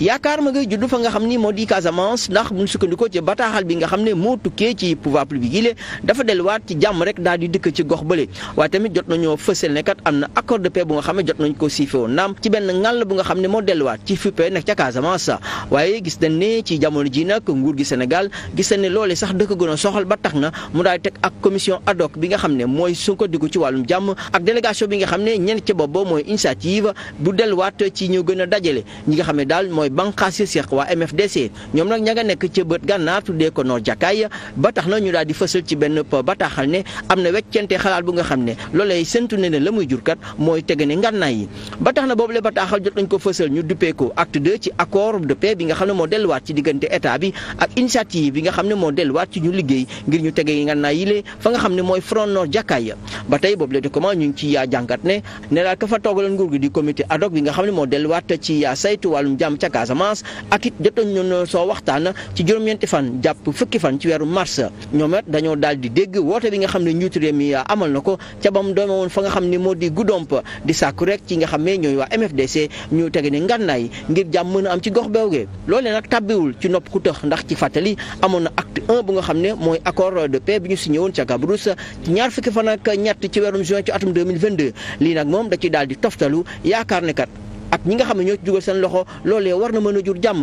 yaakaar ma ngay judd fa nga xam ni moo di Casamance ndax buñ sukkandikoo ci bataaxal bi nga xam ne moo tukkee ci pouvoir public yi dafa delluwaat ci jàmm rek daal di dikk ci gox bële waaye tamit jot nañoo fësal ne kat am na accord de paix bu nga xam ne jot nañ ko siife woon naam ci benn ngàll bu nga xam ne moo delluwaat ci fuppe nekk ca Casamance waaye gis na ne ci jamono ji nag nguur gi Sénégal gis nañ ne loole sax dëkk gën a soxal ba tax na mu daal teg ak commission ad bi nga xam ne mooy sukkandiku ci wàllum jàmm ak délégation bi nga xam ne ñenn ca bopp mooy initiative bu delluwaat ci ñu gën a dajale ñi nga xam ne daal mooy mooy banqaas yi seq waa MFDC ñoom nag ña nga nekk ca bët gànnaar tuddee ko Nord Jakaay ba tax na ñu daal di fësal ci benn bataaxal ne am na weccente xalaat bu nga xam ne loolay séntu ne ne la muy jurkat mooy tege ne ngànnaay yi ba tax na boob le bataaxal jot nañ ko fësal ñu duppee ko acte 2 ci accord de bi nga xam ne moo delluwaat ci diggante état bi ak initiative bi nga xam moo delluwaat ci ñu liggéey ngir ñu tege ngànnaay yi lée fa nga xam ne mooy front Nord Jakaay ba tey boobu le document ñu ngi ci yaa ne ne daal ka fa toogaloon nguur gi di comité ad nga xam ne moo delluwaat ci yaa saytu wàllum jàmm Casamance ak it jotoon ñun soo waxtaan ci juróom-ñeenti fan jàpp fukki fan ci weeru mars ñoom it dañoo daal di dégg woote bi nga xam ne njiitu réew mi amal na ko ca ba mu doome fa nga xam ni moo di Goudomp di sàkku rek ci nga xam ne ñooy waa MFDC ñu tege ni ngànnaay ngir jàmm mën am ci gox beewge loolee nag tàbbiwul ci nopp ku tëx ndax ci fàttali amoon na acte 1 bu nga xam ne mooy accord de paix bi ñu signé woon ca Gabrousse ci ñaar fukki fan ak ñett ci weerum juin ci atum 2022 lii nag moom da ci daal di toftalu yaakaar ne ak ñi nga xam ne ñoo ci dugal seen loxo loolee war na mën a jur jàmm